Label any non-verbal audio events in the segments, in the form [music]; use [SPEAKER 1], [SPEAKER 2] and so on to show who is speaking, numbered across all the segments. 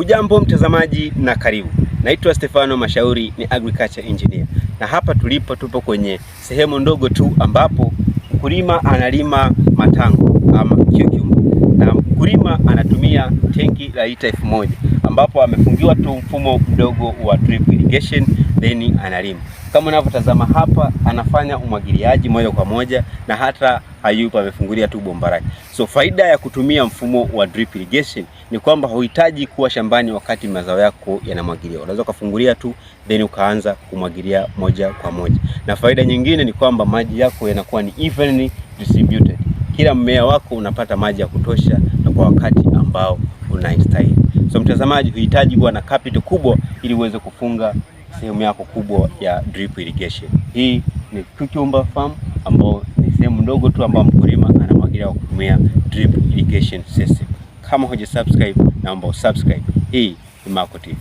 [SPEAKER 1] Hujambo mtazamaji na karibu. Naitwa Stefano Mashauri, ni agriculture engineer, na hapa tulipo tupo kwenye sehemu ndogo tu ambapo mkulima analima matango ama cucumber, na mkulima anatumia tenki la lita elfu moja ambapo amefungiwa tu mfumo mdogo wa drip irrigation, then analima. Kama unavyotazama hapa, anafanya umwagiliaji moja kwa moja na hata hayupo, amefungulia tu bomba lake. So faida ya kutumia mfumo wa drip irrigation ni kwamba huhitaji kuwa shambani wakati mazao yako yanamwagiliwa, unaweza ukafungulia tu then ukaanza kumwagilia moja kwa moja. Na faida nyingine ni kwamba maji yako yanakuwa ni evenly distributed, kila mmea wako unapata maji ya kutosha na kwa wakati ambao unaistahili. So mtazamaji, huhitaji kuwa na capital kubwa ili uweze kufunga sehemu yako kubwa ya drip irrigation. Hii ni Cucumber Farm ambao sehemu ndogo tu ambayo mkulima anamwagilia kwa kutumia drip irrigation system. Kama huja subscribe, naomba usubscribe. Hii ni Maco TV.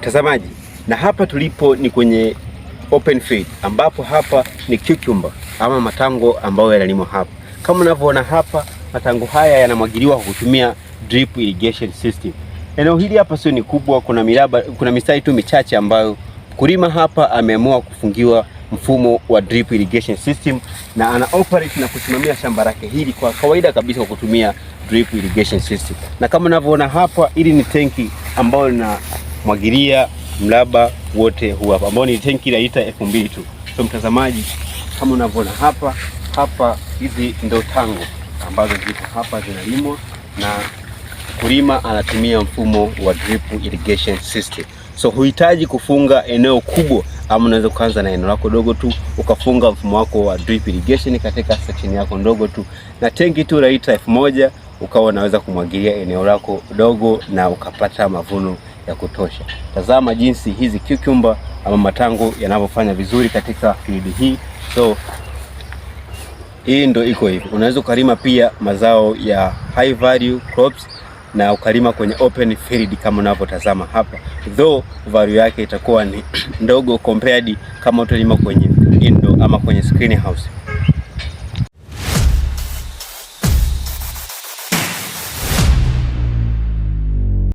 [SPEAKER 1] Mtazamaji, na hapa tulipo ni kwenye open field ambapo hapa ni cucumber ama matango ambayo yanalimwa hapa. Kama unavyoona hapa, matango haya yanamwagiliwa kwa kutumia drip irrigation system. Eneo hili hapa sio ni kubwa, kuna miraba, kuna mistari tu michache ambayo mkulima hapa ameamua kufungiwa mfumo wa drip irrigation system, na ana operate na kusimamia shamba lake hili kwa kawaida kabisa kwa kutumia drip irrigation system. Na kama unavyoona hapa, hili ni tenki ambayo linamwagilia mraba wote huu hapa, ambao ni tenki la lita elfu mbili tu. So mtazamaji, kama unavyoona hapa hapa, hizi ndio tango ambazo ziko hapa zinalimwa na mkulima anatumia mfumo wa drip irrigation system, so huhitaji kufunga eneo kubwa ama unaweza kuanza na eneo lako dogo tu ukafunga mfumo wako wa drip irrigation katika section yako ndogo tu na tenki tu la lita elfu moja ukawa unaweza kumwagilia eneo lako dogo na ukapata mavuno ya kutosha. Tazama jinsi hizi cucumber ama matango yanavyofanya vizuri katika field hii. So hii ndo iko hivi. Unaweza ukalima pia mazao ya high value crops na ukalima kwenye open field kama unavyotazama hapa, though value yake itakuwa ni [clears throat] ndogo compared kama utalima kwenye indoor ama kwenye screen house.